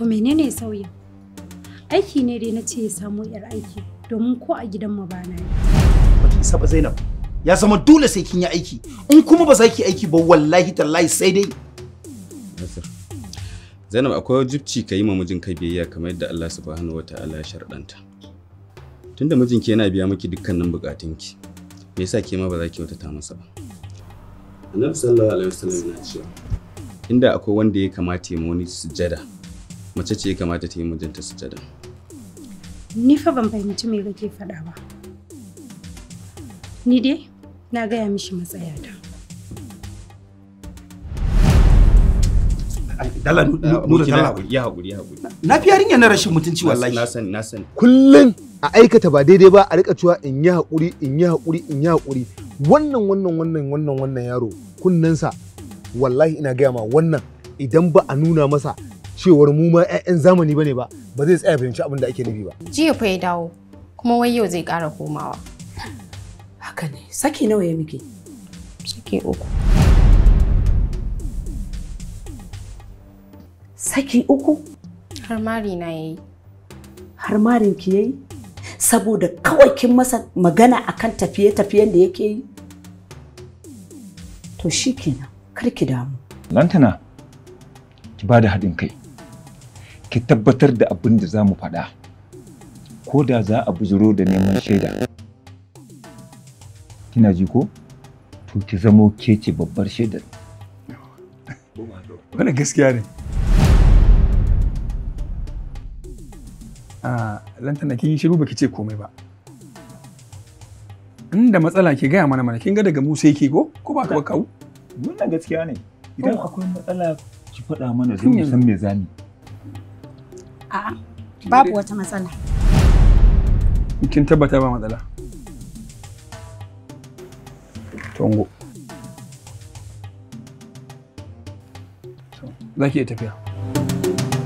To menene sauyin? Aiki ne dai na ce ya samu 'yar aiki domin ko a gidan mu bana yi. Baki isa ba Zainab. Ya zama dole sai kin yi aiki. In kuma ba za ki aiki ba wallahi tallahi sai dai. Zainab akwai wajibci ka yi ma mijinka biyayya kamar yadda Allah subhanahu wataala ya sharɗanta. Tunda mijinki yana biya miki dukkanin bukatunki. Me yasa ke ma ba za ki wata masa ba? Annabi sallallahu alaihi wasallam ya ce, inda akwai wanda ya kamata ya wani sujada mace ce ya kamata ta yi mijinta sujada ni fa ban fahimci me kake faɗa ba ni dai na gaya mishi matsayata dala nuna dala ya haƙuri ya haƙuri na fi yarinya na rashin mutunci wallahi na sani na sani kullum a aikata ba daidai ba a rika cewa in yi haƙuri in yi haƙuri in yi haƙuri wannan wannan wannan wannan wannan yaro kunnensa wallahi ina gaya ma wannan idan ba a nuna masa cewar mu ma 'ya'yan zamani bane ba ba zai tsaya fahimci abin da ake nufi ba jiya fa ya dawo kuma wai yau zai kara komawa haka ne saki nawa ya miki saki uku saki uku har na yayi har marin ki yayi saboda kawai kin masa magana akan tafiye-tafiyen da yake yi to shikenan kar ki damu lantana ki bada haɗin kai ki tabbatar da abin da za mu faɗa ko da za a buzuro da neman shaida kina ji ko to ki zamo ke ce babbar shaidar wani gaskiya ne a ah, lantana kin yi shiru baki ce komai ba inda matsala ke gaya mana mana kin ga daga musa yake ko ko ba ka kawo wannan gaskiya ne idan oh. akwai matsala ki faɗa mana zai san me zani A'a, babu wata matsala. Kin tabbata ba matsala. Tongo. Za ki iya tafiya.